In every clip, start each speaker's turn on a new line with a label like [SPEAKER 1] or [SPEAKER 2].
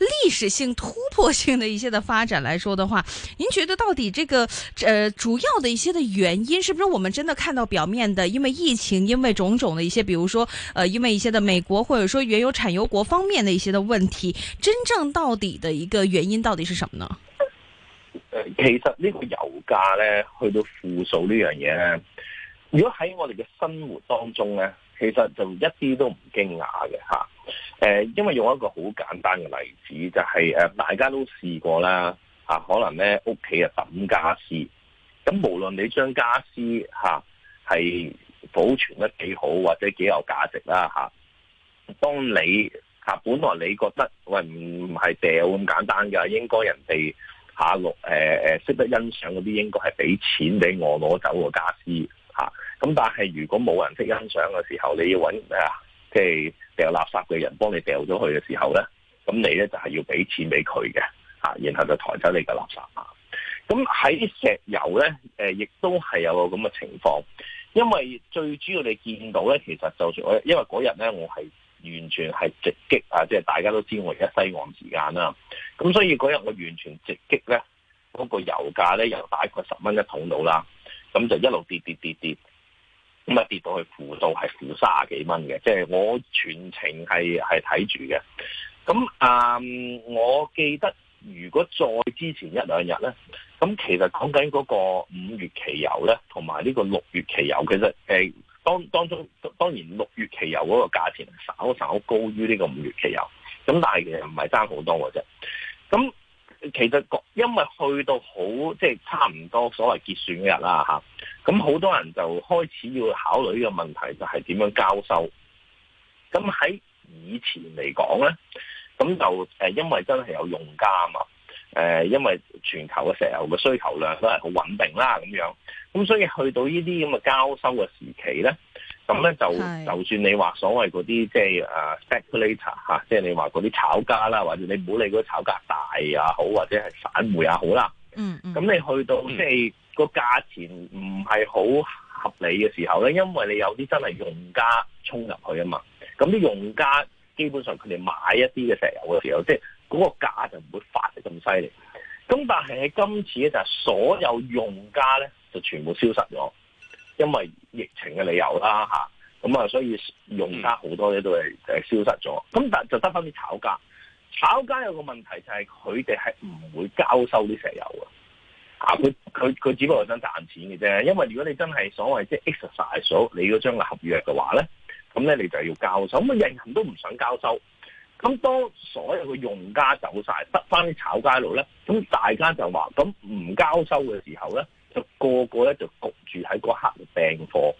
[SPEAKER 1] 歷史性突破性的一些的發展來說的話，您覺得到底這個呃，主要的一些的原因是不是我們真的看到表面的？因為疫情，因為種種的一些，比如說呃，因為一些的美國或者說原油產油國方面的一些的問題，真正到底的一個原因到底是什麼呢？呃，
[SPEAKER 2] 其實呢個油價呢，去到負數呢樣嘢呢，如果喺我哋嘅生活當中呢，其實就一啲都唔驚訝嘅吓。哈誒，因為用一個好簡單嘅例子，就係誒，大家都試過啦，可能咧屋企啊抌傢俬，咁無論你將傢俬吓係保存得幾好或者幾有價值啦吓，當你吓本來你覺得喂唔係掉咁簡單噶，應該人哋下落誒誒識得欣賞嗰啲，應該係俾錢俾我攞走個傢俬吓，咁、啊、但係如果冇人識欣賞嘅時候，你要搵咩啊？即係掉垃圾嘅人幫你掉咗去嘅時候咧，咁你咧就係要俾錢俾佢嘅嚇，然後就抬走你嘅垃圾。咁喺石油咧，誒，亦都係有個咁嘅情況，因為最主要你見到咧，其實就算我因為嗰日咧，我係完全係直擊啊，即係大家都知我而家西岸時間啦，咁所以嗰日我完全直擊咧，嗰個油價咧由大概十蚊一桶到啦，咁就一路跌跌跌跌。咁啊跌到去負數，係負卅幾蚊嘅，即係我全程係係睇住嘅。咁啊，嗯，我記得如果再之前一兩日咧，咁其實講緊嗰個五月期油咧，同埋呢個六月期油，其實誒當當中，當然六月期油嗰個價錢稍稍高於呢個五月期油，咁但係其實唔係爭好多嘅啫。咁其實個因為去到好即係差唔多所謂結算日啦吓，咁好多人就開始要考慮呢個問題，就係點樣交收。咁喺以前嚟講咧，咁就誒因為真係有用家啊嘛，誒因為全球嘅石油嘅需求量都係好穩定啦咁樣，咁所以去到呢啲咁嘅交收嘅時期咧。咁、嗯、咧就就算你話所謂嗰啲即係誒 speculator 吓、啊，即、就、係、是、你話嗰啲炒家啦，或者你唔好理嗰炒價大也好，或者係散戶也好啦。嗯、咁、嗯、你去到、嗯、即係個價錢唔係好合理嘅時候咧，因為你有啲真係用家衝入去啊嘛。咁啲用家基本上佢哋買一啲嘅石油嘅時候，即係嗰個價就唔會發得咁犀利。咁但係喺今次咧就係所有用家咧就全部消失咗，因為。疫情嘅理由啦吓咁啊，啊所以用家好多嘢都係誒消失咗，咁但就得翻啲炒家，炒家有個問題就係佢哋係唔會交收啲石油啊，佢佢佢只不過想賺錢嘅啫，因為如果你真係所謂即係 exercise 咗你嗰張合約嘅話咧，咁咧你就要交收，咁人人都唔想交收，咁當所有嘅用家走晒得翻啲炒家路呢，咧，咁大家就話咁唔交收嘅時候咧，就個個咧就焗住喺嗰刻訂貨，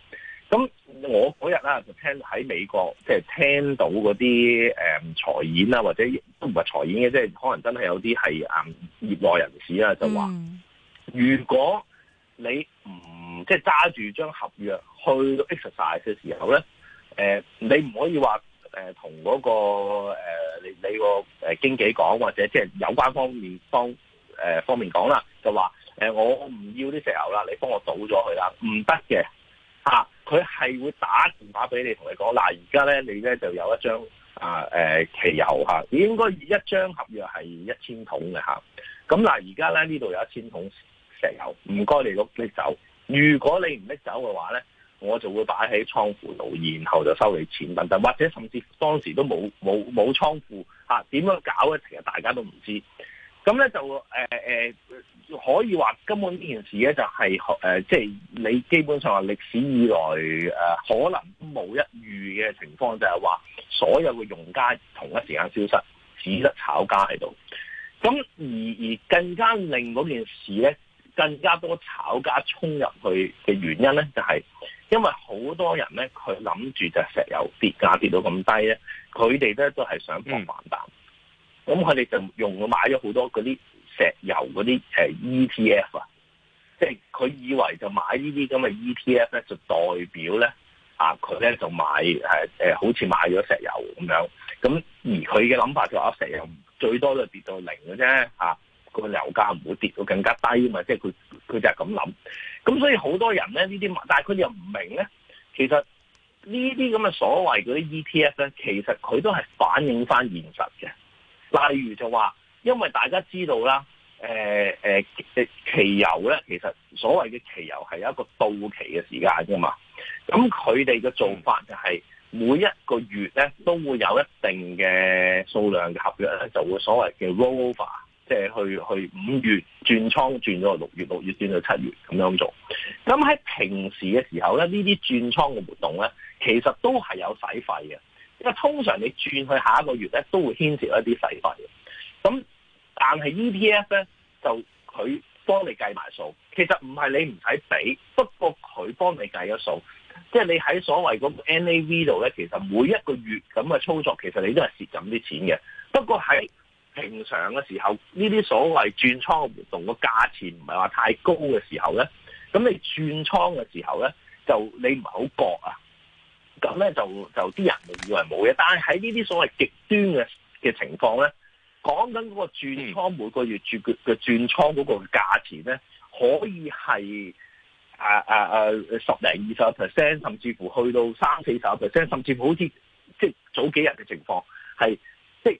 [SPEAKER 2] 咁我嗰日啊就聽喺美國，即、就、係、是、聽到嗰啲誒財演啦、啊，或者都唔係財演嘅，即、就、係、是、可能真係有啲係誒業內人士啊，就話、嗯、如果你唔即係揸住張合約去 exercise 嘅時候咧，誒、呃、你唔可以話誒同嗰個、呃、你你個誒經紀講，或者即係有關方面方誒、呃、方面講啦，就話。誒，我唔要啲石油啦，你幫我倒咗佢啦，唔得嘅吓，佢、啊、係會打電話俾你，同你講嗱，而家咧你咧就有一張啊誒，汽、呃、油吓、啊，應該一張合約係一千桶嘅吓，咁、啊、嗱，而家咧呢度有一千桶石油，唔該你拎走，如果你唔拎走嘅話咧，我就會擺喺倉庫度，然後就收你錢等等，或者甚至當時都冇冇冇倉庫吓，點、啊、樣搞咧？其實大家都唔知。咁咧就誒、呃呃、可以話根本呢件事咧就係即係你基本上係歷史以來誒、呃、可能冇一遇嘅情況，就係話所有嘅用家同一時間消失，只得炒家喺度。咁而而更加令嗰件事咧更加多炒家衝入去嘅原因咧，就係因為好多人咧，佢諗住就石油跌價跌到咁低咧，佢哋咧都係想博反彈。嗯咁佢哋就用買咗好多嗰啲石油嗰啲誒 E T F 啊，即係佢以為就買呢啲咁嘅 E T F 咧，就代表咧啊佢咧就買誒誒，好似買咗石油咁樣。咁而佢嘅諗法就話石油最多就跌到零嘅啫，吓、啊、個油價唔會跌到更加低嘛。即係佢佢就係咁諗。咁所以好多人咧呢啲，但係佢哋又唔明咧，其實呢啲咁嘅所謂嗰啲 E T F 咧，其實佢都係反映翻現實嘅。例如就話，因為大家知道啦，誒誒誒期油咧，其實所謂嘅期油係一個到期嘅時間㗎嘛。咁佢哋嘅做法就係每一個月咧都會有一定嘅數量嘅合約咧，就會所謂嘅 rollover，即係去去五月轉倉轉咗六月，六月轉到七月咁樣做。咁喺平時嘅時候咧，呢啲轉倉嘅活動咧，其實都係有使費嘅。因為通常你轉去下一個月咧，都會牽涉一啲洗費。咁但係 ETF 咧，就佢幫你計埋數，其實唔係你唔使俾，不過佢幫你計咗數。即係你喺所謂個 N A V 度咧，其實每一個月咁嘅操作，其實你都係蝕緊啲錢嘅。不過喺平常嘅時候，呢啲所謂轉倉嘅活動，個價錢唔係話太高嘅時候咧，咁你轉倉嘅時候咧，就你唔係好覺啊。咁咧就就啲人就以為冇嘅，但係喺呢啲所謂極端嘅嘅情況咧，講緊嗰個轉倉、嗯、每個月轉嘅轉倉嗰個價錢咧，可以係啊啊啊十零二十 percent，甚至乎去到三四十 percent，甚至乎好似即係早幾日嘅情況，係即係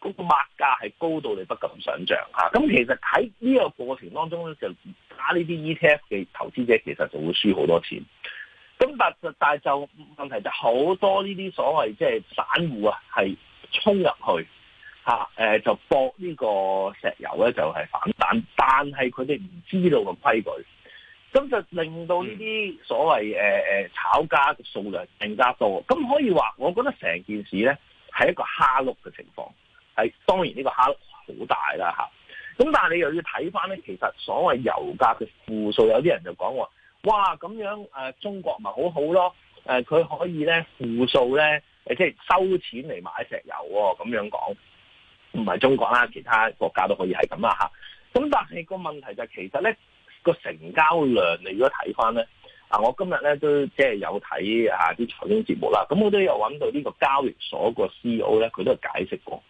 [SPEAKER 2] 個物價係高到你不敢想象。嚇。咁、啊、其實喺呢個過程當中咧，就打呢啲 ETF 嘅投資者其實就會輸好多錢。咁但但係就問題就好多呢啲所謂即係散戶啊，係衝入去嚇誒、啊呃，就搏呢個石油咧，就係、是、反彈。但係佢哋唔知道個規矩，咁就令到呢啲所謂誒誒、呃、炒家嘅數量更加多。咁可以話，我覺得成件事咧係一個蝦碌嘅情況。係當然呢個蝦碌好大啦嚇。咁、啊、但係你又要睇翻咧，其實所謂油價嘅負數，有啲人就講話。哇，咁樣誒、呃，中國咪好好咯？誒、呃，佢可以咧負數咧，誒，即係收錢嚟買石油咁、哦、樣講，唔係中國啦，其他國家都可以係咁啊吓。咁但係個問題就係，其實咧個成交量，你如果睇翻咧，啊，我今日咧都即係有睇啊啲財經節目啦，咁我都有揾到呢個交易所個 CEO 咧，佢都係解釋過，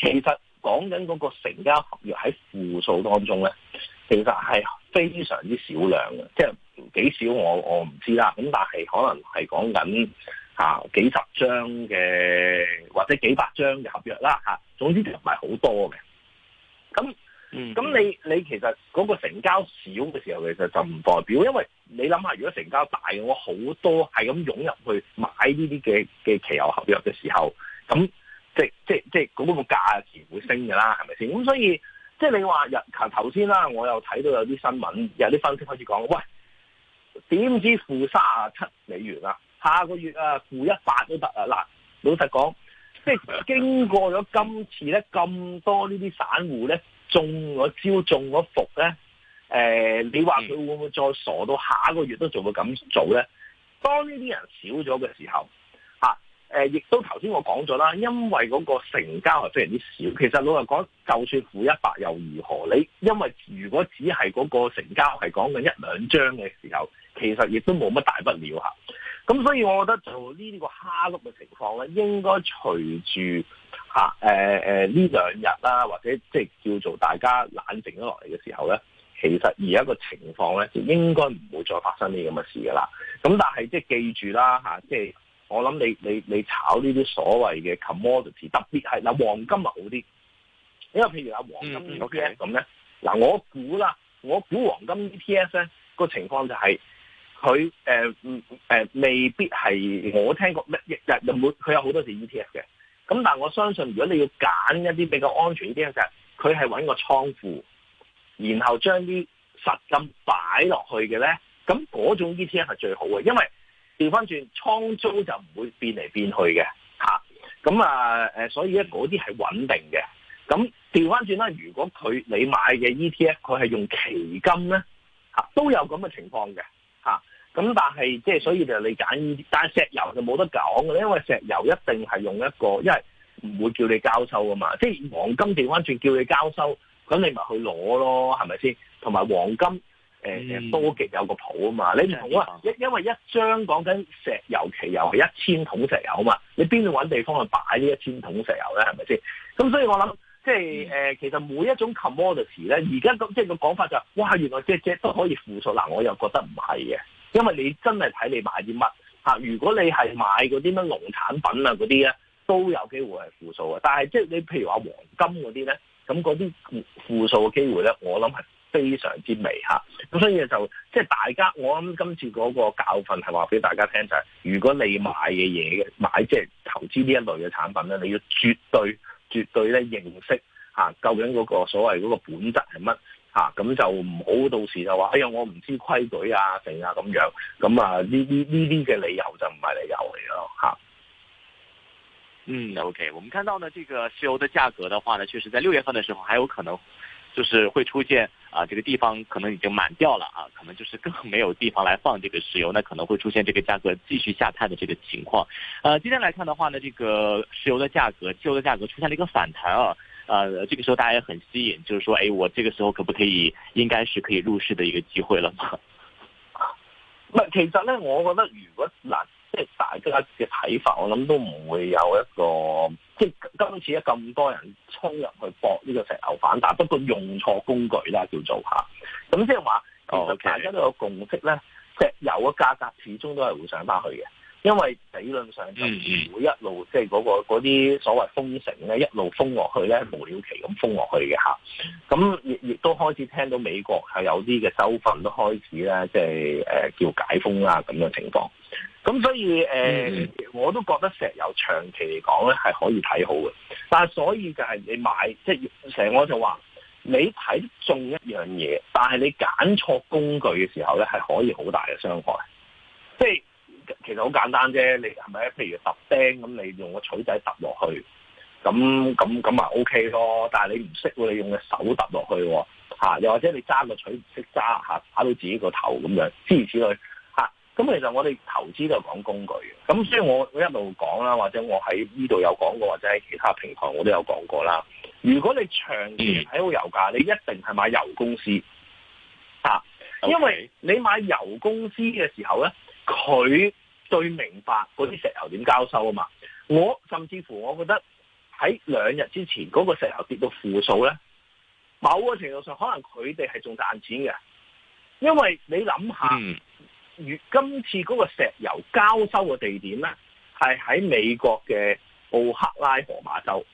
[SPEAKER 2] 其實講緊嗰個成交合約喺負數當中咧，其實係非常之少量嘅，即係。幾少我我唔知啦，咁但係可能係講緊吓幾十張嘅或者幾百張嘅合約啦吓，總之唔係好多嘅。咁咁你你其實嗰個成交少嘅時候，其實就唔代表、嗯，因為你諗下，如果成交大，我好多係咁湧入去買呢啲嘅嘅期油合約嘅時候，咁即即即嗰個價錢會升㗎啦，係咪先？咁所以即你話日頭先啦，我又睇到有啲新聞有啲分析開始講，喂。點知負卅七美元啊？下個月啊，負一百都得啊！嗱，老實講，即係經過咗今次咧，咁多呢啲散戶咧中咗招、中咗伏咧，誒、呃，你話佢會唔會再傻到下個月都仲會咁做咧？當呢啲人少咗嘅時候。誒、呃，亦都頭先我講咗啦，因為嗰個成交係非常之少。其實老實講，就算負一百又如何？你因為如果只係嗰個成交係講緊一兩張嘅時候，其實亦都冇乜大不了嚇。咁所以，我覺得就呢個蝦碌嘅情況咧，應該隨住嚇誒誒呢兩日啦，或者即係叫做大家冷靜咗落嚟嘅時候咧，其實而家個情況咧，就應該唔會再發生呢咁嘅事噶啦。咁但係即係記住啦，嚇、即係。就是我諗你你你炒呢啲所謂嘅 commodity，特別係嗱黃金啊好啲，因為譬如啊
[SPEAKER 3] 黃金、嗯、ok
[SPEAKER 2] 咁咧，嗱我估啦，我估黃金 E T F 咧個情況就係、是、佢、呃呃、未必係我聽過，日日有冇佢有好多隻 E T F 嘅，咁但係我相信如果你要揀一啲比較安全啲嘅，就係佢係揾個倉庫，然後將啲實金擺落去嘅咧，咁嗰種 E T F 係最好嘅，因為。調翻轉倉租就唔會變嚟變去嘅，吓咁啊，誒、啊，所以咧嗰啲係穩定嘅。咁調翻轉啦，如果佢你買嘅 E T F 佢係用期金咧，吓、啊、都有咁嘅情況嘅，吓、啊、咁但係即係所以就是、你揀但係石油就冇得講嘅，因為石油一定係用一個，因為唔會叫你交收噶嘛。即係黃金調翻轉叫你交收，咁你咪去攞咯，係咪先？同埋黃金。誒、嗯、多極有個譜啊嘛，你唔同啊，因、嗯嗯、因為一張講緊石油期油係一千桶石油啊嘛，你邊度搵地方去擺呢一千桶石油咧？係咪先？咁所以我諗即係、呃、其實每一種 commodity 咧，而家咁即係個講法就係，哇！原來即即都可以負數嗱，我又覺得唔係嘅，因為你真係睇你買啲乜吓。如果你係買嗰啲咩農產品啊嗰啲咧，都有機會係負數。但係即係你譬如話黃金嗰啲咧，咁嗰啲負數嘅機會咧，我諗係，非常之微，咁所以就即係、就是、大家，我諗今次嗰個教訓係話俾大家聽就係、是，如果你買嘅嘢嘅買即係、就是、投資呢一類嘅產品咧，你要絕對絕對咧認識吓、啊、究竟嗰個所謂嗰個本質係乜吓，咁、啊、就唔好到時就話哎呀，我唔知規矩啊成啊咁樣，咁啊呢啲呢啲
[SPEAKER 3] 嘅理由就唔係理由嚟咯吓。嗯，OK，我們看到呢，這個石油的價格的話呢，確實在六月份的時候還有可能就是會出現。啊，這個地方可能已經滿掉了啊，可能就是更沒有地方來放這個石油，那可能會出現這個價格繼續下探的這個情況。呃，今天來看的話呢，這個石油的價格，汽油的價格出現了一個反彈啊。呃，這個時候大家也很吸引，就是說，哎，我這個時候可不可以，應該是可以入市的一個機會了
[SPEAKER 2] 嗎？唔，其實咧，我覺得如果難。即係大家嘅睇法，我諗都唔會有一個，即係今次咁多人衝入去搏呢個石油反彈，不過用錯工具啦叫做下。咁即係話，其實大家都有共識咧，石油嘅價格始終都係會上翻去嘅。因為理論上就唔會一路即係嗰啲所謂封城咧，一路封落去咧，無了期咁封落去嘅嚇。咁亦亦都開始聽到美國係有啲嘅州份都開始咧，即係誒叫解封啦咁嘅情況。咁所以誒、呃嗯，我都覺得石油長期嚟講咧係可以睇好嘅。但係所以就係你買即係成，我就話、是、你睇中一樣嘢，但係你揀錯工具嘅時候咧，係可以好大嘅傷害，即係。其實好簡單啫，你係咪？譬如揼釘咁，你用個錘仔揼落去，咁咁咁咪 O K 咯。但係你唔識，你用隻手揼落去，吓、啊，又或者你揸個錘唔識揸，吓、啊，打到自己個頭咁樣，諸如此類，吓、啊。咁其實我哋投資都係講工具嘅，咁所以我我一路講啦，或者我喺呢度有講過，或者喺其他平台我都有講過啦。如果你長期睇好油價，嗯，你一定係買油公司，吓、啊，okay。因為你買油公司嘅時候咧。佢最明白嗰啲石油點交收啊嘛！我甚至乎，我覺得喺兩日之前嗰個石油跌到負數咧，某個程度上可能佢哋係仲賺錢嘅，因為你諗下，如今次嗰個石油交收嘅地點咧，係喺美國嘅奧克拉荷馬州，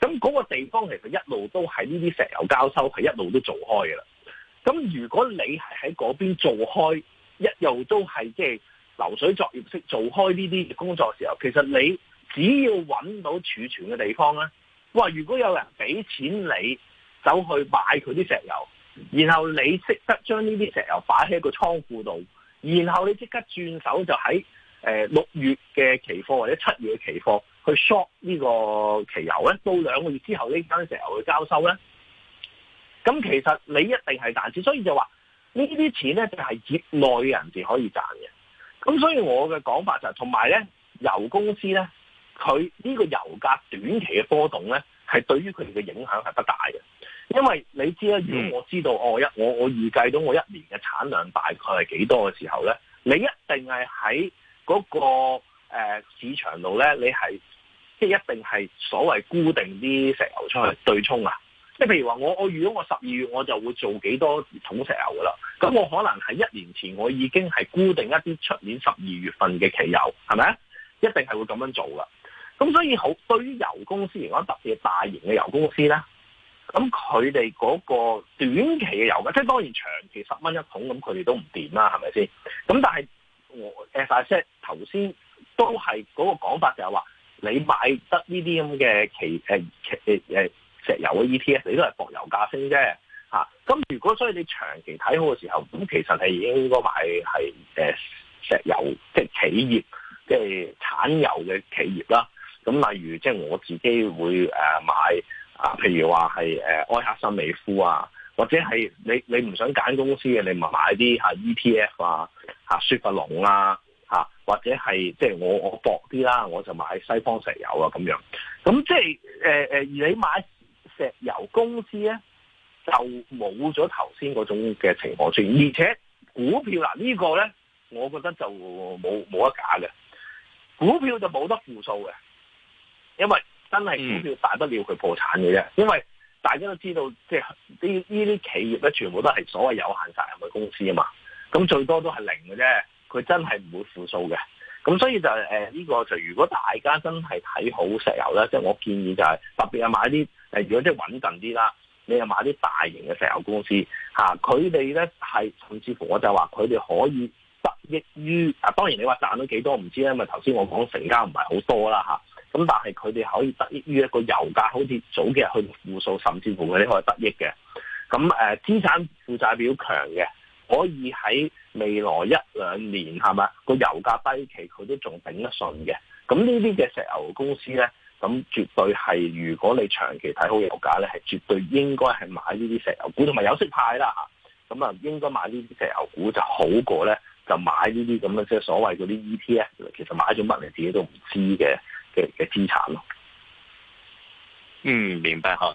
[SPEAKER 2] 咁嗰個地方其實一路都喺呢啲石油交收係一路都做開嘅啦。咁如果你係喺嗰邊做開，一又都係即係流水作業式做開呢啲工作嘅時候，其實你只要揾到儲存嘅地方咧，哇！如果有人俾錢你走去買佢啲石油，然後你識得將呢啲石油擺喺個倉庫度，然後你即刻轉手就喺誒六月嘅期貨或者七月嘅期貨去 short 呢個期油咧，到兩個月之後呢間石油去交收咧，咁其實你一定係賺錢，所以就話。呢啲錢咧就係、是、業內人士可以賺嘅，咁所以我嘅講法就係、是，同埋咧油公司咧，佢呢個油價短期嘅波動咧，係對於佢哋嘅影響係不大嘅，因為你知啦，如果我知道、嗯哦、我一我我預計到我一年嘅產量大概係幾多嘅時候咧，你一定係喺嗰個、呃、市場度咧，你係即係一定係所謂固定啲石油出去對沖啊。即係譬如話，我我預咗我十二月我就會做幾多桶石油噶啦，咁我可能喺一年前我已經係固定一啲出年十二月份嘅期油，係咪？一定係會咁樣做噶。咁所以好對於油公司嚟講，特別係大型嘅油公司咧，咁佢哋嗰個短期嘅油嘅，即係當然長期十蚊一桶咁，佢哋都唔掂啦，係咪先？咁但係我誒頭先都係嗰個講法就係話，你買得呢啲咁嘅期誒期誒我 E T F 你都係博油價升啫，吓、啊、咁如果所以你長期睇好嘅時候，咁其實係應該買係誒石油即係企業即係產油嘅企業啦。咁例如即係、就是、我自己會誒買啊，譬如話係誒埃克森美孚啊，或者係你你唔想揀公司嘅，你買啲吓 E T F 啊吓、啊、雪佛龍啊吓、啊，或者係即係我我博啲啦，我就買西方石油啊咁樣。咁即係誒誒，你買石油公司咧就冇咗頭先嗰種嘅情況出現，而且股票嗱呢個咧，我覺得就冇冇得假嘅。股票就冇得負數嘅，因為真係股票大不了佢破產嘅啫、嗯，因為大家都知道，即係呢呢啲企業咧全部都係所謂有限責任嘅公司啊嘛，咁最多都係零嘅啫，佢真係唔會負數嘅。咁所以就係呢、呢個就如果大家真係睇好石油咧，即、就是、我建議就係、是、特別係買啲如果即係穩陣啲啦，你又買啲大型嘅石油公司佢哋咧係甚至乎我就話佢哋可以得益於啊，當然你話賺咗幾多唔知咧，因為頭先我講成交唔係好多啦咁、啊、但係佢哋可以得益於一個油價好似早幾日去負數，甚至乎佢哋可以得益嘅。咁誒資產負債表強嘅，可以喺未來一兩年係嘛，個油價低期佢都仲頂得順嘅。咁呢啲嘅石油公司咧，咁絕對係，如果你長期睇好嘅油價咧，係絕對應該係買呢啲石油股，同埋有色派啦。咁啊，應該買呢啲石油股就好過咧，就買呢啲咁嘅即係所謂嗰啲 ETF，其實買咗乜你自己都唔知嘅嘅嘅資產咯。嗯，
[SPEAKER 3] 明白哈。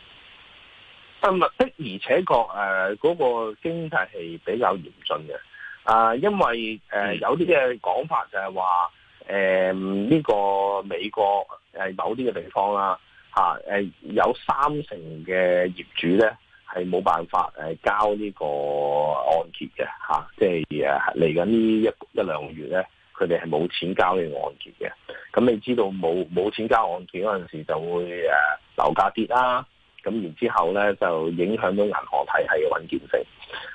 [SPEAKER 2] 的而且確，誒、啊、嗰、那個經濟係比較嚴峻嘅。啊，因為誒、啊、有啲嘅講法就係話，誒、啊、呢、這個美國誒某啲嘅地方啦，嚇、啊、誒、啊、有三成嘅業主咧係冇辦法誒交呢個按揭嘅嚇，即係誒嚟緊呢一一兩個月咧，佢哋係冇錢交呢個按揭嘅。咁你知道冇冇錢交按揭嗰陣時，就會誒樓、啊、價跌啦、啊。咁然之後咧，就影響到銀行體系嘅穩健性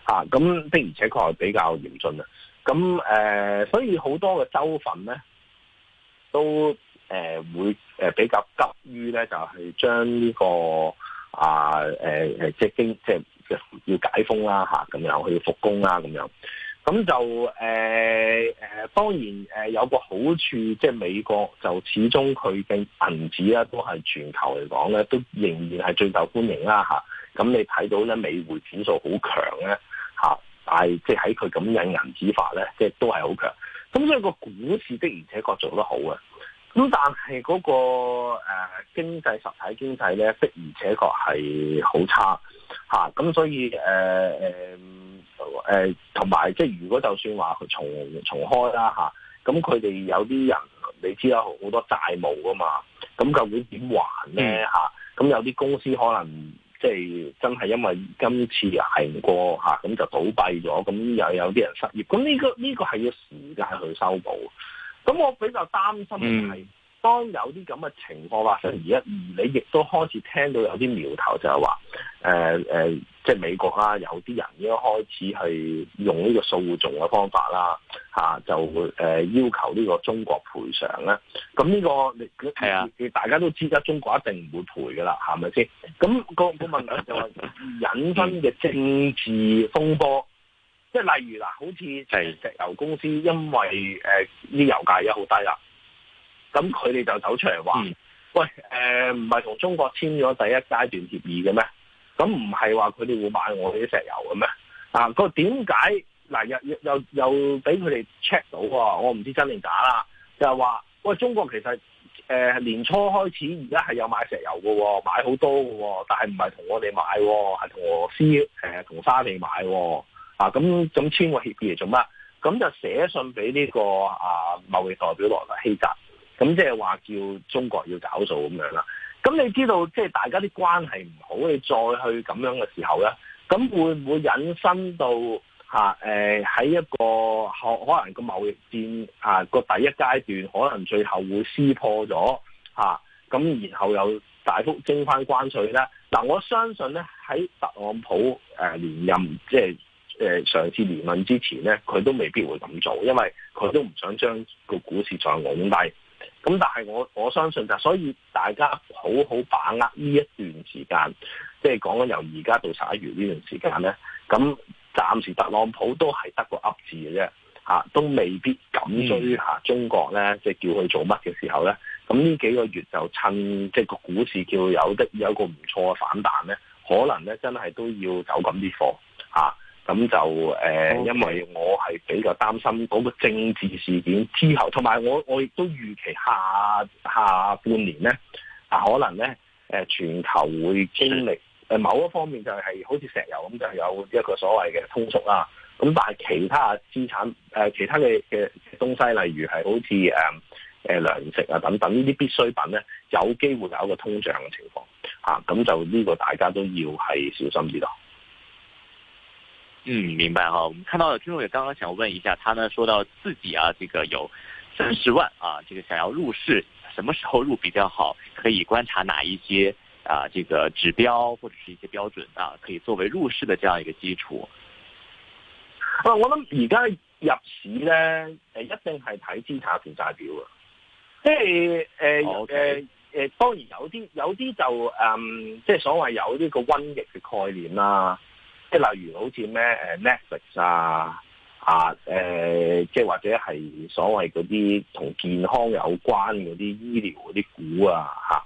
[SPEAKER 2] 吓，咁的而且確係比較嚴峻啊，咁、呃、所以好多嘅州份咧，都、呃、會比較急於咧，就係將呢個啊、呃、即經即，即要解封啦吓，咁樣去復工啦咁、啊、樣。咁就誒誒，當然誒有個好處，即係美國就始終佢嘅銀紙咧，都係全球嚟講咧，都仍然係最受歡迎啦吓。咁你睇到咧，美匯指數好強咧吓，但係即係喺佢咁印銀紙法咧，即係都係好強。咁所以個股市的而且確做得好嘅。咁但係嗰、那個誒、呃、經濟實體經濟咧，的而且確係好差咁、啊、所以誒誒同埋即係如果就算話佢重重開啦咁佢哋有啲人你知啦，好多債務㗎嘛，咁究竟點還咧咁、啊、有啲公司可能即係、就是、真係因為今次捱唔過咁、啊、就倒閉咗，咁又有啲人失業，咁呢、這個呢、這個係要時間去修補。咁我比較擔心係、嗯、當有啲咁嘅情況發生，而家你亦都開始聽到有啲苗頭就、呃呃，就係話誒即係美國啦、啊，有啲人應該開始係用呢個訴訟嘅方法啦，嚇、啊、就會誒、呃、要求呢個中國賠償啦。咁呢、呢個、啊、你你大家都知得，中國一定唔會賠㗎啦，係咪先？咁、個個問題就係引申嘅政治風波。即係例如嗱，好似石油公司，因為誒啲、呃、油價而好低啦，咁佢哋就走出嚟話、嗯，喂，誒唔係同中國簽咗第一階段協議嘅咩？咁唔係話佢哋會買我哋啲石油嘅咩？啊，個點解嗱？又又又俾佢哋 check 到？我唔知真定假啦。就係、是、話，喂，中國其實誒、呃、年初開始而家係有買石油嘅、哦，買好多嘅、哦，但係唔係同我哋買、哦，係同俄羅斯誒同沙地買、哦。啊，咁咁簽個協議嚟做乜？咁就寫信俾呢、這個啊貿易代表萊特希澤。咁即係話叫中國要搞數咁樣啦。咁你知道即係、就是、大家啲關係唔好，你再去咁樣嘅時候咧，咁會唔會引申到嚇？喺、啊呃、一個可可能個貿易戰啊個第一階段，可能最後會撕破咗嚇。咁、啊、然後又大幅徵翻關稅咧。嗱、啊，我相信咧喺特朗普誒、啊、連任即係。就是誒上次聯盟之前咧，佢都未必會咁做，因為佢都唔想將個股市再拱低。咁但係我我相信就是，所以大家好好把握呢一段時間，即係講緊由而家到十一月呢段時間咧。咁暫時特朗普都係得個噏字嘅啫，嚇、啊、都未必敢追下中國咧，即、就、係、是、叫佢做乜嘅時候咧。咁呢幾個月就趁即係個股市叫有的有一個唔錯嘅反彈咧，可能咧真係都要走咁啲貨嚇。啊咁就誒，呃 okay. 因為我係比較擔心嗰個政治事件之後，同埋我我亦都預期下下半年咧、啊，可能咧、啊、全球會經歷、呃、某一方面就係、係、好似石油咁，就係、有一個所謂嘅通縮啦。咁、啊、但係其他資產、啊、其他嘅嘅東西，例如係好似誒誒糧食啊等等呢啲必需品咧，有機會有一個通脹嘅情況咁、啊、就呢個大家都要係小
[SPEAKER 3] 心啲咯。嗯，明白哈、哦。我們看到眾也剛剛想問一下，他呢，說到自己啊，這個有三十萬啊，這個想要入市，什麼時候入比較好？可以觀察哪一些啊，這個指標或者是一些標準啊，可以作為入市的這樣一個基礎。我諗而家入
[SPEAKER 2] 市呢，誒一定係睇資產負債表啊，即係誒誒，當然有啲有啲就誒、嗯，即係所謂有呢個瘟疫嘅概念啦。即係例如好似咩誒 Netflix 啊啊誒，即係或者係所謂嗰啲同健康有關嗰啲醫療嗰啲股啊嚇，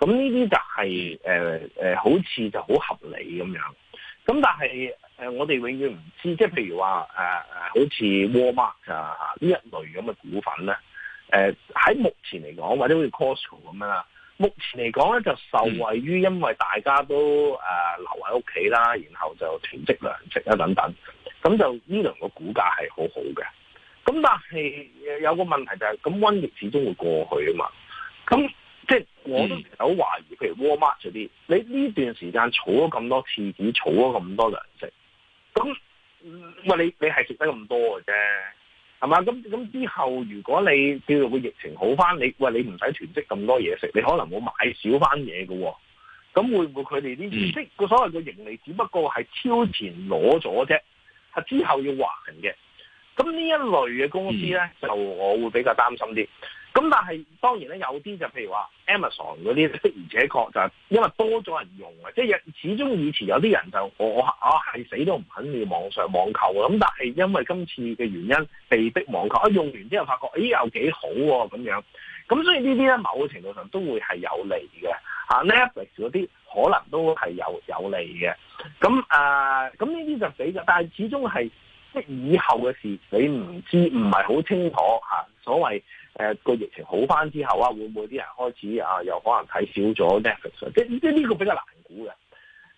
[SPEAKER 2] 咁呢啲就係誒誒好似就好合理咁樣。咁但係誒我哋永遠唔知，即係譬如話誒誒好似 Walmart 啊呢一類咁嘅股份咧，誒喺目前嚟講或者好似 Costco 咁啊。目前嚟講咧，就受惠於因為大家都誒、呃、留喺屋企啦，然後就囤積糧食啊等等，咁就呢兩個股價係好好嘅。咁但係有個問題就係、是，咁瘟疫始終會過去啊嘛。咁即係我都好懷疑，譬如 Walmart 嗰啲，你呢段時間儲咗咁多次子，儲咗咁多糧食，咁喂，你你係食得咁多嘅啫。係嘛？咁咁之後，如果你叫做個疫情好翻，你喂你唔使囤積咁多嘢食，你可能冇買少翻嘢嘅。咁會唔會佢哋啲即個所謂嘅盈利，只不過係超前攞咗啫，係之後要還嘅。咁呢一類嘅公司咧、嗯，就我會比較擔心啲。咁但係當然咧，有啲就譬如話 Amazon 嗰啲，的而且確就係因為多咗人用啊，即係始終以前有啲人就我我係、啊、死都唔肯要網上網購，咁但係因為今次嘅原因被逼網購，一用完之後發覺誒、哎、又幾好喎、啊、咁樣，咁所以呢啲咧某程度上都會係有利嘅吓、啊、，Netflix 嗰啲可能都係有有利嘅，咁誒咁呢啲就死咗，但係始終係即係以後嘅事，你唔知唔係好清楚吓、啊，所謂。誒個疫情好翻之後啊，會唔會啲人開始啊又可能睇少咗 Netflix？即呢個比較難估嘅。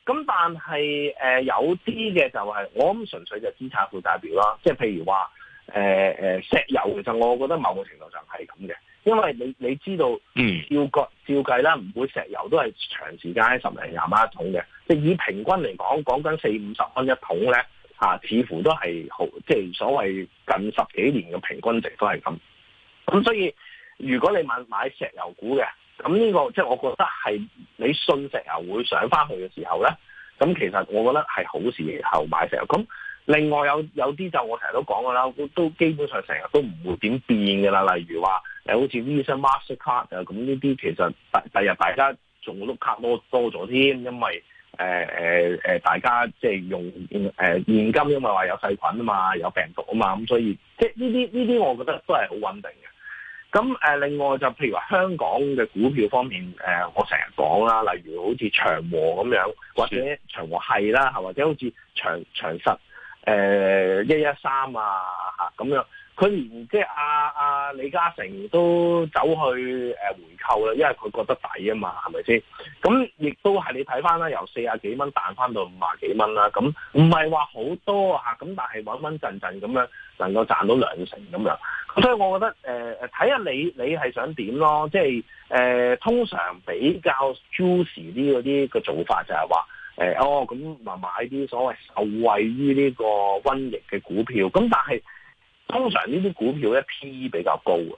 [SPEAKER 2] 咁但係誒有啲嘅就係、是、我諗純粹就資產負債表啦。即係譬如話誒石油，其實我覺得某個程度上係咁嘅，因為你你知道，嗯，照個照計啦，唔會石油都係長時間十零廿蚊一桶嘅。即以平均嚟講，講緊四五十蚊一桶咧，似乎都係好，即所謂近十幾年嘅平均值都係咁。咁所以如果你買買石油股嘅，咁呢個即係我覺得係你信石油會上翻去嘅時候咧，咁其實我覺得係好時候買石油。咁另外有有啲就我成日都講嘅啦，都基本上成日都唔會點變嘅啦。例如話誒，好似 Visa、Mastercard 啊，咁呢啲其實第第日大家仲碌卡多多咗添，因為誒誒誒大家即係用誒現金，因為話有細菌啊嘛，有病毒啊嘛，咁所以即係呢啲呢啲，我覺得都係好穩定嘅。咁誒、呃，另外就譬如話香港嘅股票方面，誒、呃、我成日講啦，例如好似長和咁樣，或者長和系啦，或者好似長長實誒一一三啊嚇咁、啊、樣。佢唔即係阿阿李嘉誠都走去誒、呃、回購啦，因為佢覺得抵啊嘛，係咪先？咁亦都係你睇翻啦，由四啊幾蚊彈翻到五啊幾蚊啦，咁唔係話好多啊，咁但係穩穩陣陣咁樣能夠賺到兩成咁樣。咁所以，我覺得誒誒，睇、呃、下你你係想點咯？即係誒、呃，通常比較 juicy 啲嗰啲嘅做法就係話誒，哦咁咪買啲所謂受惠於呢個瘟疫嘅股票，咁但係。通常呢啲股票咧 PE 比較高啊，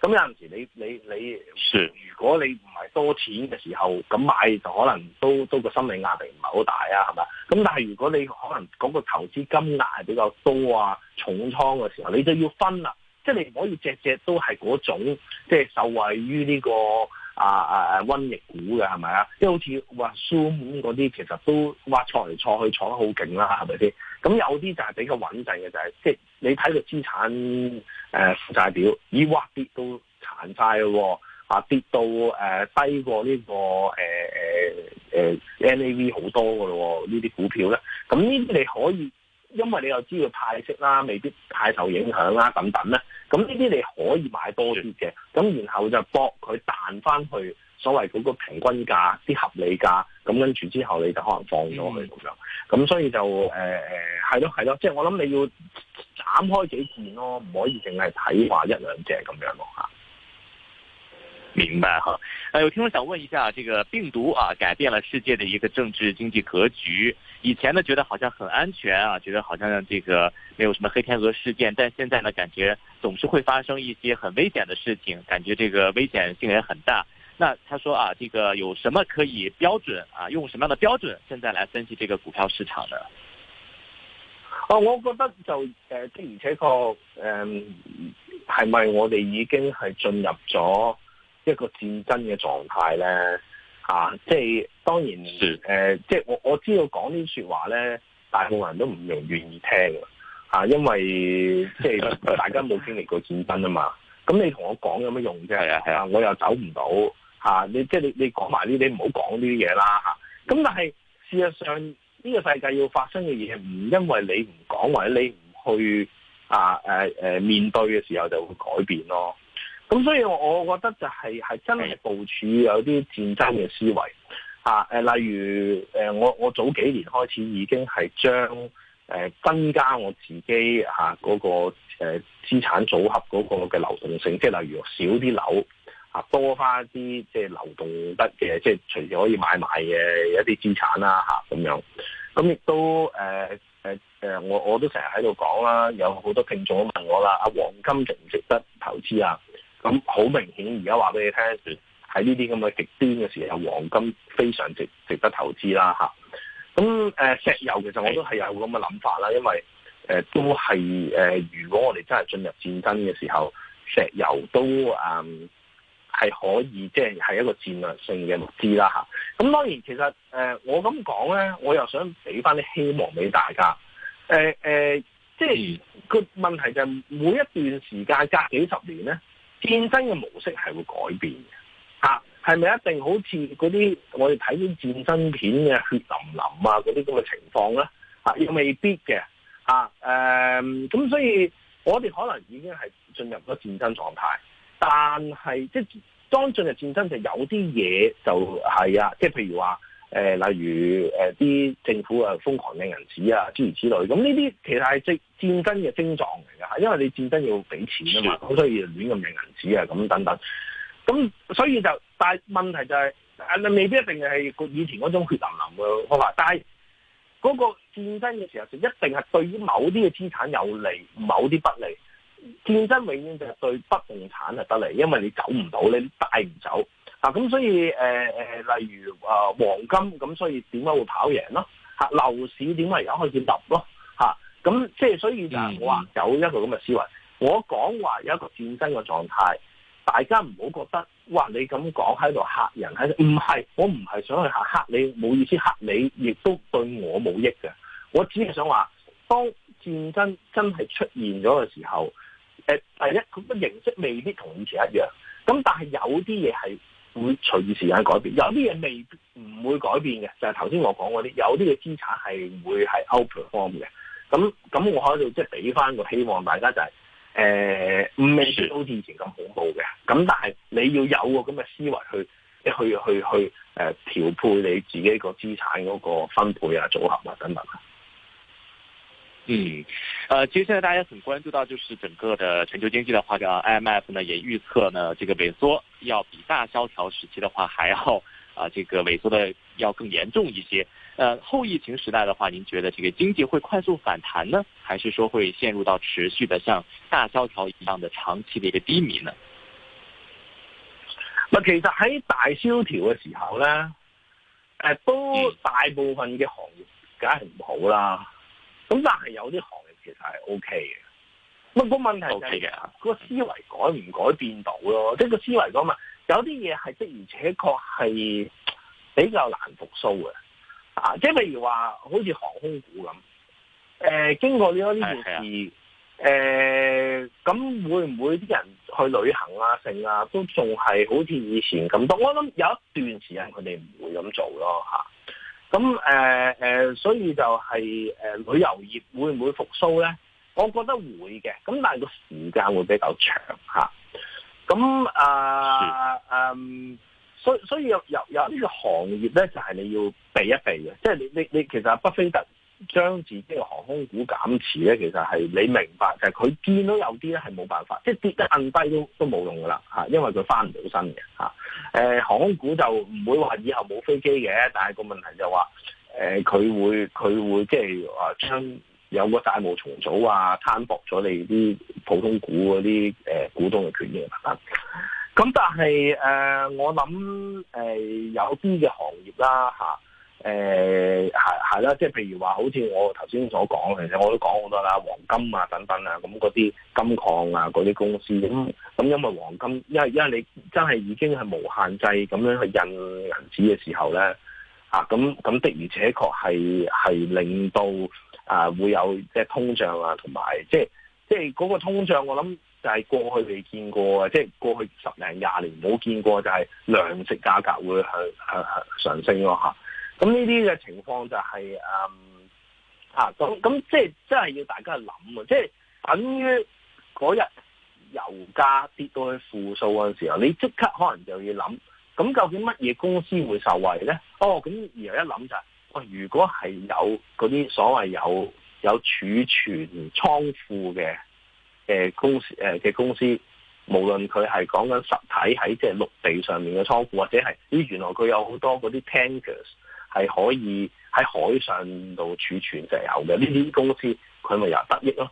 [SPEAKER 2] 咁有陣時你你你，
[SPEAKER 3] 你，如
[SPEAKER 2] 果你唔係多錢嘅時候，咁買就可能都都個心理壓力唔係好大啊，係嘛？咁但係如果你可能嗰個投資金額係比較多啊，重倉嘅時候，你就要分啦，即係你唔可以隻只都係嗰種，即係受惠於呢個。啊啊啊瘟疫股嘅係咪啊？即係好似話 Zoom 嗰啲，其實都挖錯嚟錯去，錯得好勁啦，係咪先？咁有啲就係比較穩陣嘅，就係、是、即係你睇佢資產誒、呃、負債表，咦？挖跌到殘晒喇喎！啊，跌到誒、呃、低過呢、這個誒誒誒 NAV 好多嘅咯喎！呢啲股票咧，咁呢啲你可以。因為你又知道派息啦，未必太受影響啦，等等咧，咁呢啲你可以買多啲嘅，咁然後就搏佢彈翻去所謂嗰個平均價、啲合理價，咁跟住之後你就可能放咗佢咁樣，咁所以就誒誒，係咯係咯，即係我諗你要斬開幾件咯，唔可以淨係睇話一兩隻咁樣咯嚇。
[SPEAKER 3] 明白哈，那、啊、有聽眾想問一下，這個病毒啊改變了世界的一個政治經濟格局。以前呢，覺得好像很安全啊，覺得好像這個沒有什麼黑天鵝事件，但現在呢，感覺總是會發生一些很危險的事情，感覺這個危險性也很大。那他說啊，這個有什麼可以標準啊？用什麼樣的標準現在來分析這個股票市場呢？哦、
[SPEAKER 2] 啊，我覺得就呃的而且確誒，係咪、呃、我哋已經係進入咗？一個戰爭嘅狀態咧，吓、啊，即係當然，誒、呃，即係我我知道講呢啲說話咧，大部分人都唔容願意聽啊，因為即係大家冇經歷過戰爭啊嘛，咁你同我講有乜用啫？係啊，我又走唔到，吓、啊，你即係你你講埋呢，你唔好講呢啲嘢啦，吓、啊，咁但係事實上呢、這個世界要發生嘅嘢，唔因為你唔講或者你唔去啊誒誒、啊啊、面對嘅時候，就會改變咯。咁所以，我覺得就係係真係部署有啲戰爭嘅思維嚇誒，例如誒，我我早幾年開始已經係將誒增加我自己嚇嗰個誒資產組合嗰個嘅流動性，即係例如少啲樓嚇，多翻啲即係流動得嘅，即係隨時可以買賣嘅一啲資產啦嚇咁樣。咁亦都誒誒誒，我我都成日喺度講啦，有好多聽眾都問我啦，阿黃金值唔值得投資啊？咁好明顯，而家話俾你聽，喺呢啲咁嘅極端嘅時候，黃金非常值值得投資啦，吓，咁、呃、石油其實我都係有咁嘅諗法啦，因為、呃、都係、呃、如果我哋真係進入戰爭嘅時候，石油都係、嗯、可以即係係一個戰略性嘅物資啦，吓，咁當然其實、呃、我咁講咧，我又想俾翻啲希望俾大家，即係個問題就係、是、每一段時間隔幾十年咧。戰爭嘅模式係會改變嘅，吓，係咪一定好似嗰啲我哋睇啲戰爭片嘅血淋淋啊嗰啲咁嘅情況咧？吓、啊、亦未必嘅，吓、啊、誒，咁、呃、所以我哋可能已經係進入咗戰爭狀態，但係即當進入戰爭就有啲嘢就係啊，即係譬如話。誒、呃，例如誒啲、呃、政府啊，瘋狂印銀紙啊，諸如此類。咁呢啲其實係戰戰爭嘅徵狀嚟㗎，因為你戰爭要俾錢啊嘛，好所以亂咁印銀紙啊，咁等等。咁、嗯、所以就，但係問題就係、是啊，未必一定係以前嗰種血淋淋嘅方法。但係嗰個戰爭嘅時候，就一定係對於某啲嘅資產有利，某啲不利。戰爭永遠就係對不動產係不利，因為你走唔到，你帶唔走。嗱、啊，咁所以誒、呃、例如啊、呃、黃金，咁所以點解會跑贏咯？嚇、啊，樓市點解而家開始揼咯？咁即係所以就係我話有一個咁嘅思維，我講話有一個戰爭嘅狀態，大家唔好覺得哇！你咁講喺度嚇人，喺度唔係我唔係想去嚇你嚇你，冇意思嚇你，亦都對我冇益嘅。我只係想話，當戰爭真係出現咗嘅時候，呃、第一咁嘅、那個、形式未必同以前一樣，咁但係有啲嘢係，會隨住時間改變，有啲嘢未必唔會改變嘅，就係頭先我講嗰啲，有啲嘅資產係會係 outperform 嘅。咁咁，我喺度即係俾翻個希望大家就係、是，誒、欸，未必好似以前咁恐怖嘅。咁但係你要有個咁嘅思維去，去去去誒調、呃、配你自己個資產嗰個分配啊、組合啊等等。
[SPEAKER 3] 嗯，呃，其實現在大家很關注到，就是整個的全球經濟的話，的、啊、IMF 呢也預測呢，這個萎縮要比大蕭條時期的話還要啊、呃，這個萎縮的要更嚴重一些。呃，後疫情時代的話，您覺得這個經濟會快速反彈呢，還是說會陷入到持續的像大蕭條一樣的長期的一個低迷呢？那、嗯、其實喺
[SPEAKER 2] 大蕭條嘅時候呢，誒、啊，都大部分嘅行業梗係唔好啦。咁但係有啲行業其實係 O K 嘅，乜、個問題是就係，個思維改唔改變到咯，即係個思維講嘛，有啲嘢係的而且確係比較難復蘇嘅，啊，即係譬如話好似航空股咁，誒、呃，經過呢一呢件事，誒、啊啊呃，咁會唔會啲人去旅行啊、剩啊，都仲係好似以前咁多？我諗有一段時間佢哋唔會咁做咯，吓、啊。咁誒誒所以就係、是、誒、呃、旅遊業會唔會復蘇咧？我覺得會嘅，咁但係個時間會比較長吓，咁誒誒所以所以有有有呢個行業咧，就係、是、你要避一避嘅，即係你你你其實阿巴菲特。將自己嘅航空股減持咧，其實係你明白，就係、是、佢見到有啲咧係冇辦法，即、就、係、是、跌得更低都都冇用㗎喇嚇，因為佢返唔到身嘅嚇。誒、啊呃、航空股就唔會話以後冇飛機嘅，但係個問題就話誒佢會佢會即係話將有個債務重組啊，攤薄咗你啲普通股嗰啲誒股東嘅權益咁、啊、但係誒、呃、我諗誒、呃、有啲嘅行業啦嚇。啊。誒係係啦，即係譬如話，好似我頭先所講，其實我都講好多啦，黃金啊等等啊，咁嗰啲金礦啊嗰啲公司咁，咁因為黃金，因為因為你真係已經係無限制咁樣去印銀紙嘅時候咧，啊咁咁的而且確係係令到啊會有即係、啊、通脹啊，同埋即係即係嗰個通脹，我諗就係過去未見過啊，即係過去十零廿年冇見過，就係、係、糧食價格會係係上升咯嚇。咁呢啲嘅情況就係誒吓咁咁即係真係要大家諗啊！即係等於嗰日油價跌到去負數嗰時候，你即刻可能就要諗，咁究竟乜嘢公司會受惠咧？哦，咁然後一諗就係，喂，如果係有嗰啲所謂有有儲存倉庫嘅誒、呃、公司嘅、呃、公司，無論佢係講緊實體喺即係陸地上面嘅倉庫，或者係咦原來佢有好多嗰啲 tankers。係可以喺海上度儲存石油嘅，呢啲公司佢咪又得益咯、啊。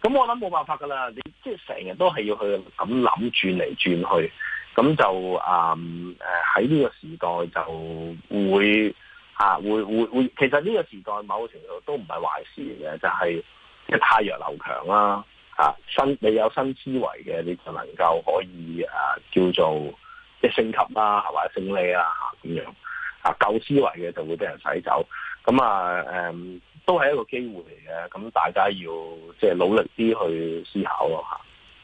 [SPEAKER 2] 咁我諗冇辦法噶啦，你即係成日都係要去咁諗轉嚟轉去，咁就啊誒喺呢個時代就會啊會會會，其實呢個時代某程度都唔係壞事嘅，就係、是、即太陽流強啦、啊、嚇、啊，新你有新思維嘅你就能夠可以啊叫做即係升級啦、啊，或者升呢啦咁樣。啊，舊思維嘅就會俾人洗走，咁啊，誒、嗯、都係一個機會嚟嘅，咁大家要即係努力啲去思考咯嚇。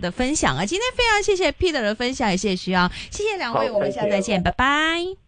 [SPEAKER 1] 的分享啊，今天非常謝謝 Peter 的分享，也謝謝徐昂，謝謝兩位，我們下次再見，okay, okay. 拜拜。